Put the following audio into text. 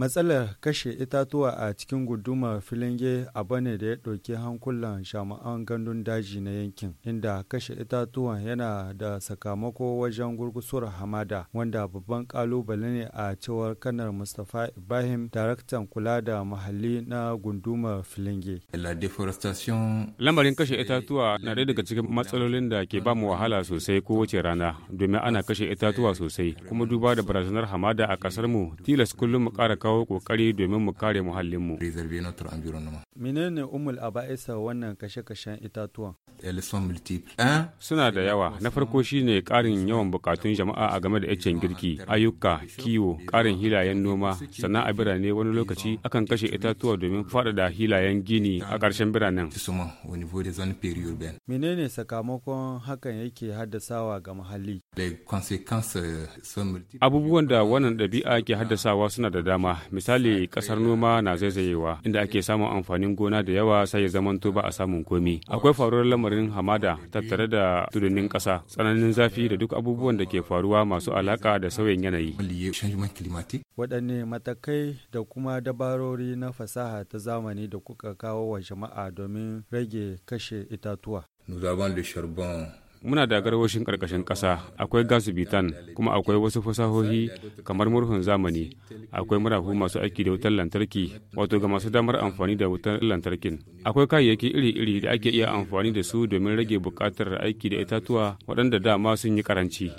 Matsalar kashe itatuwa a cikin gudumar filinge a ne da ya ɗauki hankulan shama'an gandun daji na yankin, inda kashe itatuwa yana da sakamako wajen gurgusuwar hamada, wanda babban kalubale ne a cewar kanar Mustapha Ibrahim, daraktan kula da muhalli na gundumar filinge. Lamarin kashe eh, itatuwa na ɗaya daga cikin matsalolin da ke ba mu wahala sosai kowace rana, domin ana kashe itatuwa sosai, kuma duba da barazanar hamada a mu tilas kullum mu ƙara kawo kokari domin mu kare muhallinmu. Menene umul aba'isa wannan kashe-kashen itatuwan? Suna da yawa. Na farko shine karin yawan bukatun jama'a a game da yacen girki, ayyuka, kiwo, karin hilayen noma, sannan a birane wani lokaci akan kashe itatuwa domin faɗaɗa hilayen gini a ƙarshen biranen. Menene sakamakon hakan yake haddasawa ga muhalli? Euh, Abubuwan da wannan ɗabi'a ke haddasawa suna da dama misali kasar noma na zaizayewa inda ake samun amfanin gona da yawa sai ya zamanto ba a samun komi akwai faruwar lamarin hamada tattare da tudunin kasa tsananin zafi da duk abubuwan da ke faruwa masu alaka da sauyin yanayi waɗanne matakai da kuma dabarori na fasaha ta zamani da kuka kawo wa jama'a domin rage kashe itatuwa muna da garwashin ƙarƙashin ƙasa akwai gasu kuma akwai wasu fasahohi kamar murhun zamani akwai murafu masu aiki da wutar lantarki wato ga masu damar amfani da wutar lantarkin akwai kayayyaki iri-iri da ake iya amfani da su domin rage bukatar aiki da itatuwa waɗanda dama sun yi karanci